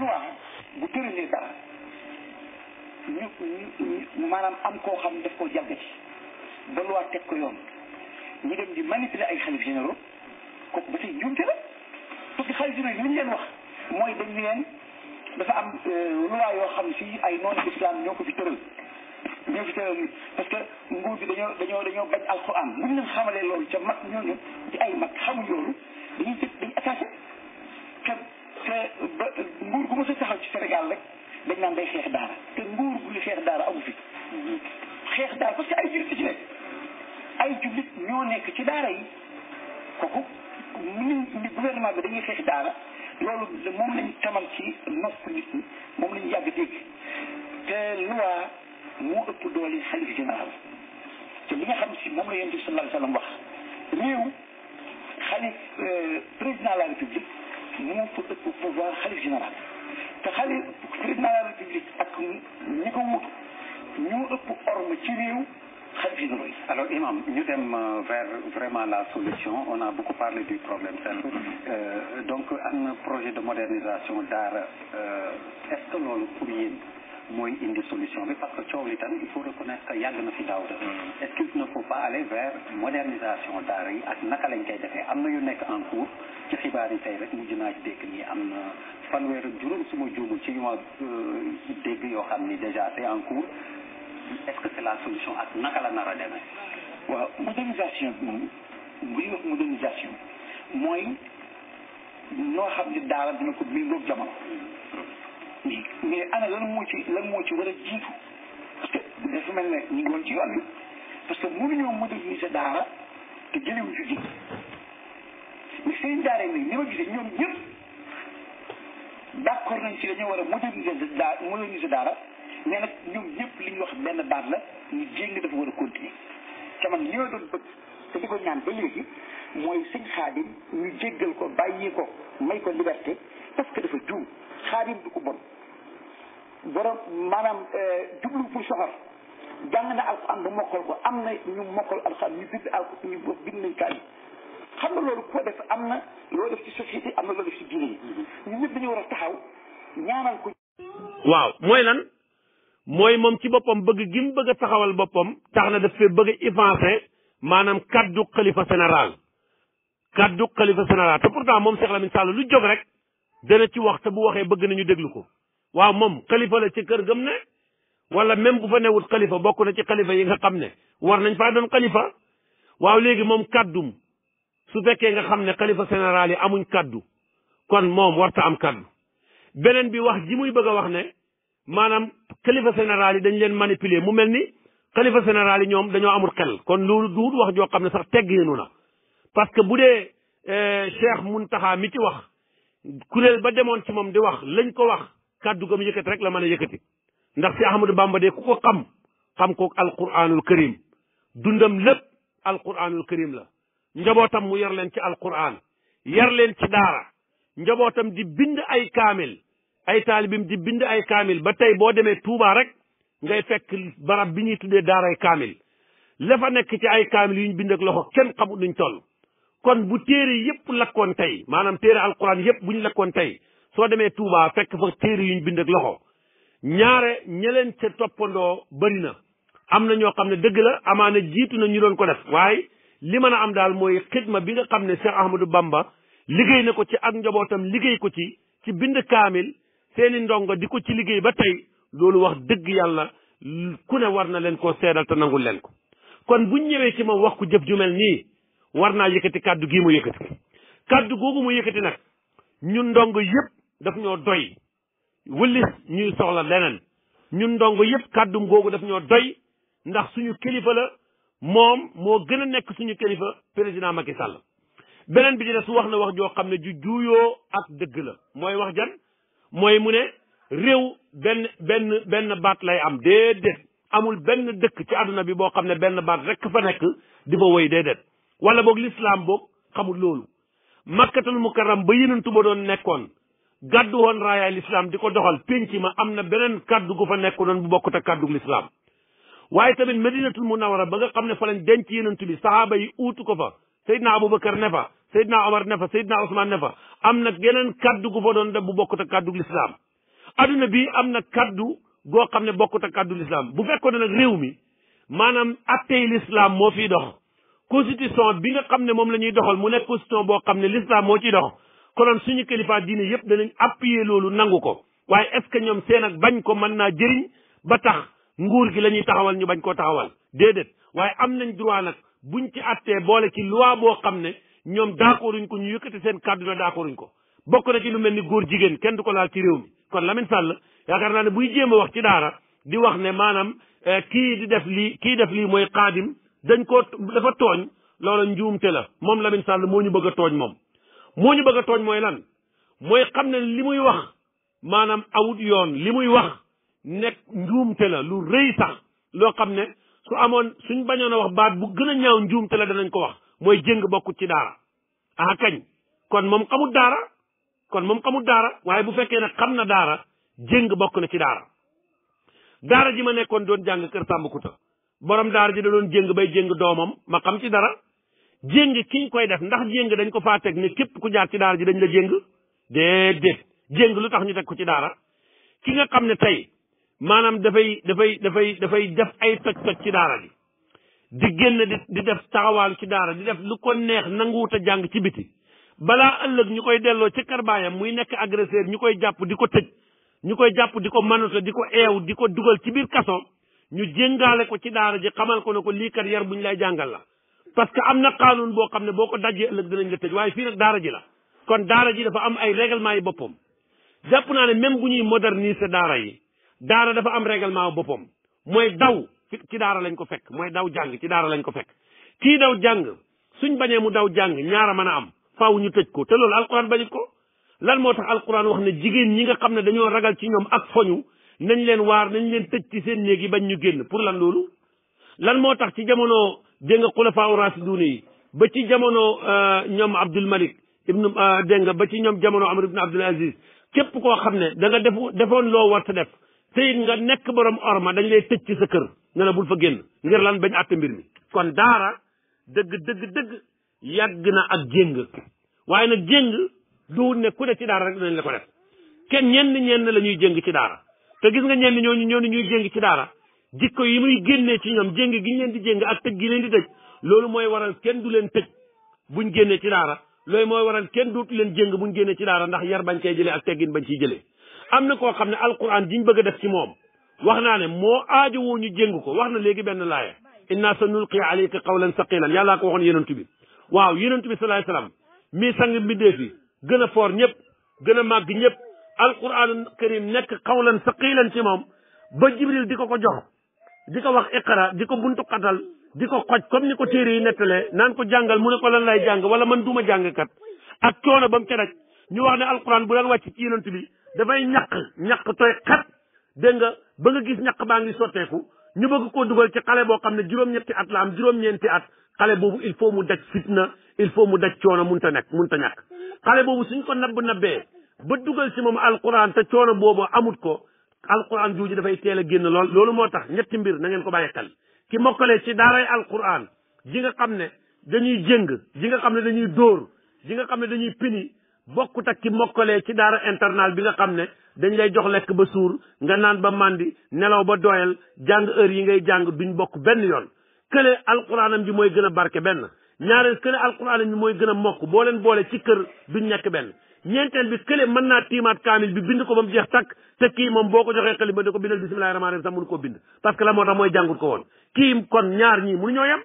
loi bu tëralee dara ñu ñu maanaam am koo xam daf koo jalgati ba loi teg ko yoon ñu dem di manipuler ay xalif généraux kooku ba tey njuumte la parce que xalif généraux li ñu leen wax mooy dañ ñu leen dafa am euh, loi yoo xam si ay noonu islam ñoo ko fi tëral ñoo fi tëral parce que nguur bi dañoo dañoo dañoo bañ alquran bu ñu leen xamalee loolu ca mag ñooñu ci ay mag xamuñ loolu dañuy jël dañuy attaqué te te ba nguur gu mos a taxaw ci Sénégal rek dañ naan day xeex daara te nguur guy xeex daara amu fi xeex daara parce que ay jullit ci nekk ay jullit ñoo nekk ci daara yi kooku ni ni gouvernement bi dañuy xeex daara loolu moom lañ tamal ci nos nit ñi moom lañ yàgg dégg te loi moo ëpp doole xalif général te li nga xam si moom la yonent bi sallallahu alayhi wa sallam wax réew xalif président de la république nous pour pouvoir xalif général te la république nous nous alors imam nous sommes euh, vers vraiment la solution on a beaucoup parlé du problème Euh, donc un projet de modernisation d'art euh, est-ce que nous pour mooy indi solution bi parce que coow li il faut reconnaître que yàgg na fi daaw da mm. est-ce qu'il ne faut pas aller vers modernisation daara yi ak naka lañ koy defee am yu nekk en cours ci xibaar yi tey rek mujj naa ci dégg nii am na fanweer ak juróom su ma juumul ci yu ma euh, dégg yoo xam ni déjà c'est en cours est-ce que c'est la solution ak naka la nar a demee modernisation bi moom bu ñuy wax modernisation mooy noo xam ne dina ko méngoog jamono mm. nii mais ana lan moo ci lan moo ci war a jiitu dafa mel ne ñu ngi woon ci yoon bi parce que mënuñoo moderniser daara te jëlewuñ fi ji mais seen daara yi ni ma gisee ñoom ñëpp d' accord nañ ci dañoo war a moderniser daa moderniser daara mais nag ñoom ñëpp liñ wax benn baat la ñu jéng dafa war a continuer te man li ma doon bëgg te di ko ñaan ba léegi mooy sëñ xaadim ñu jéggal ko bàyyi ko may ko liberté parce que dafa juum xaadim du ko bon borom maanaam euh, jublu na alxuraan am na ñu mokkal mm-hmm. taxaw waaw mooy nan mooy moom ci boppam bëgg gi mu bëgg a taxawal boppam. tax na daf bëgg a évancé maanaam kaddu xalifa général kaddu xalifa général te pourtant moom Cheikh Lamine Sall lu jóg rek dana ci wax te bu waxee bëgg nañu déglu ko. waaw moom xalifa la ci kër gëm ne wala même bu fa newut xalifa bokk na ci xalifa yi nga xam ne war nañ faa doon xalifa waaw léegi moom kàddum su fekkee nga xam ne xalifa général yi amuñ kàddu kon moom warta am kàddu beneen bi wax ji muy bëgg a wax ne maanaam xalifa général yi dañ leen manipuler mu mel ni xalifa général yi ñoom dañoo amul xel kon loolu duut wax joo xam ne sax teggeenu na parce que bu dee euh, Cheikh Muntaxa mi ci wax kuréel ba demoon ci moom di wax lañ ko wax kàddu gam yëkkati rek la mën a yëkkati ndax si Ahmadou Bamba de ku ko xam xam ko alquranul karim dundam lépp alquranul karim la njabootam mu yar leen ci alquran yar leen ci daara njabootam di bind ay kaamil ay taalibim di bind ay kaamil ba tey boo demee Touba rek ngay fekk barab bi ñuy tuddee daaray kaamil la fa nekk ci ay kaamil yu ñu loxo kenn xamut nuñ toll kon bu téere yépp lakkoon tey maanaam téere alquran yëpp bu ñu lakkoon tey soo demee Touba fekk fa téere yuñ bind ak loxo ñaare ña leen toppandoo bëri na am na ñoo xam ne dëgg la amaane jiitu na ñu doon ko def waaye li mën a am daal mooy xidma bi nga xam ne Cheikh Ahmadou Bamba liggéey na ko ci ak njabootam liggéey ko ci ci bind kaamil seeni ndongo di ko ci liggéey ba tey loolu wax dëgg yàlla ku ne war na leen ko seedal te nangul leen ko kon bu ñëwee ci ma wax ko jëf ju mel nii war naa yëkkati kàddu gii mu yëkkati kàddu googu mu ndongo yëpp daf ñoo doy wëllis ñuy soxla leneen ñun ndongo yëpp kàddum googu daf ñoo doy ndax suñu kilifa la moom moo gën a nekk suñu kilifa président Macky Sall beneen bi ci des wax na wax joo xam ne ju juuyoo ak dëgg la mooy wax jan mooy mu ne réew benn benn benn baat lay am déedéet amul benn dëkk ci àdduna bi boo xam ne benn baat rek fa nekk di fa woy déedéet wala boog lislaam boog xamul loolu makkatul mukarram ba yenentu ba doon nekkoon gàddu woon raayaay lislaam di ko doxal pénc ma am na beneen kàddu gu fa nekk noonu bu bokkut ak kàddu lislaam waaye tamit madinatul munawara ba nga xam ne fa lañ denc yenentu bi sahaaba yi uutu ko fa Seydina Aboubacar ne fa Seydina Omar ne fa Seydina Ousmane ne fa am na geneen kàddu gu fa doon def bu bokkut ak kàddu lislaam adduna bi am na kàddu goo xam ne bokkut ak kàddu lislaam bu fekkoon ne nag réew mi maanaam attey lislaam moo fiy dox constitution bi nga xam ne moom la ñuy doxal mu nekk constitution boo xam ne lislaam moo ciy dox konoon suñu kilifa diine yëpp danañ appuyer loolu nangu ko waaye est-ce ñoom seen ak bañ ko mën naa jëriñ ba tax nguur gi la ñuy taxawal ñu bañ koo taxawal déedéet waaye am nañ droit nag buñ ci attee boole ci waa boo xam ne ñoom d'accorduñ ko ñu yëkkati seen kàddu na d'accorduñ ko bokk na ci lu mel ni góor jigéen kenn du ko laal ci réew mi kon Lamine Sall yaakaar naa ne buy jéem a wax ci daara di wax ne maanaam eh, kii di def lii kii def lii mooy xaadim dañ koo dafa tooñ loola njuumte la moom Lamine Sall moo ñu bëgg a moom moo ñu bëgg tooñ mooy lan mooy xam ne li muy wax maanaam awut yoon li muy wax nekk njuumte la lu rëy sax loo xam ne su amoon suñ bañoon a wax baat bu gën a ñaaw njuumte la danañ ko wax mooy jéng bokkut ci daara ah kañ kon moom xamut daara kon moom xamut daara waaye bu fekkee ne xam na daara jéng bokk na ci daara daara ji ma nekkoon doon jàng kër Sàmbakuta borom daara ji da doon jéng bay jéng doomam ma xam ci dara jéng kiñ koy def ndax jéng dañ ko faa teg ne képp ku jaar ci daara ji dañ la jéng déedéet jéng lu tax ñu teg ko ci daara ki nga xam ne tey maanaam dafay dafay dafay dafay def ay toj-toj ci daara ji di génn di di def taxawaalu ci daara di def lu ko neex nanguwut a jàng ci biti balaa ëllëg ñu koy delloo ci karbaayam muy nekk agresseur ñu koy jàpp di ko tëj ñu koy jàpp di ko manoto di ko eew di ko dugal ci biir kaso ñu jéngaale ko ci daara ji xamal ko ne ko lii kat bu ñu lay jàngal la parce que am na qaanuun boo xam ne boo ko dajjee ëllëg dinañ la tëj waaye fii nag daara ji la kon daara ji dafa am ay règlement yi boppam jàpp naa ne même bu ñuy moderniser daara yi daara dafa am règlement boppam mooy daw ci daara lañ ko fekk mooy daw jàng ci daara lañ ko fekk kii daw jàng suñ bañee mu daw jàng ñaara mën a am faaw ñu tëj ko te loolu alquran bañu ko lan moo tax alquran wax ne jigéen ñi nga xam ne dañoo ragal ci ñoom ak foñu nañ leen waar nañ leen tëj ci seen néeg yi bañ ñu génn pour lan loolu lan moo tax ci dégg nga xulafaa raasiduuna yi ba ci jamono euh, ñoom Abdul Malik ibnu euh, dégg nga ba ci ñoom jamono Amar ibnu Abdul Aziz képp koo xam ne danga nga defoon loo war ta def te it nga nekk borom orma dañ lay tëj ci sa kër nga ne bul fa génn ngir lan bañ àtte mbir mi. kon daara dëgg dëgg dëgg yàgg na ak jéng waaye nag jéng du ne ku ne ci daara rek dinañ la ko def kenn ñeen ñenn la ñuy jéng ci daara te gis nga ñenn ñooñu ñooñu ñuy jéng ci daara. jikko yi muy génnee ci ñoom jéng gi ñu leen di jéng ak tëj gi leen di tëj loolu mooy waral kenn du leen tëj buñ génnee ci daara loolu mooy waral kenn dootu leen jéng buñ génnee ci daara ndax yar bañ cay jëlee ak teggin bañ ciy jëlee am na koo xam ne alquran jiñ bëgg a def ci moom wax naa ne moo aajo woo ñu jéng ko wax na léegi benn laaya inna sa nulqi alayka qawlan saqilan yàllaa ko waxoon yonent bi waaw yonent bi salaay salaam mii sang mbindeef yi gën a foor ñëpp gën a màgg ñëpp alquran karim nekk qawlan saqilan ci moom ba jibril di ko ko jox di ko wax iqra di ko buntu xatal di ko xoj comme ni ko téere yi nettalee naan ko jàngal mu ne ko lan lay jàng wala man duma jàngkat ak coono ba mu ca daj ñu wax ne alquran bu daan wàcc ci yonent bi dafay ñaq ñaq tooy dégg nga ba nga gis ñaq baa ngi sotteeku ñu bëgg koo dugal ci xale boo xam ne juróom-ñetti at la am juróom-ñeenti at xale boobu il faut mu daj fitna il faut mu daj coono mun ta nekk mun ta ñàkk xale boobu suñ ko nabb nabbee ba dugal ci moom alquran te coono boobu amut ko alquran jooju dafay teel a génn lool loolu moo tax ñetti mbir nangeen ko bàyyi xel ki mokkale ci daaray alquran ji nga xam ne dañuy jëng ji nga xam ne dañuy dóor ji nga xam ne dañuy pini bokkut ak ki mokkalee ci daara internat bi nga xam ne dañ lay jox lekk ba suur nga naan ba màndi nelaw ba doyal jàng heure yi ngay jàng duñ bokk benn yoon kële alquranam ji mooy gën a barke benn ñaareel kële alquranam ji mooy gën a mokk booleen leen boole ci kër duñ nekk benn ñeenteel bi kële mën naa tiimaat kaamil bi bind ko ba mu jeex takk te kii moom boo ko joxee xel ba ne ko bindal bisimilahi rahmaani rahim sax mënu koo bind la moo tax mooy jàngut ko woon kii kon ñaar ñii mënu ñoo yem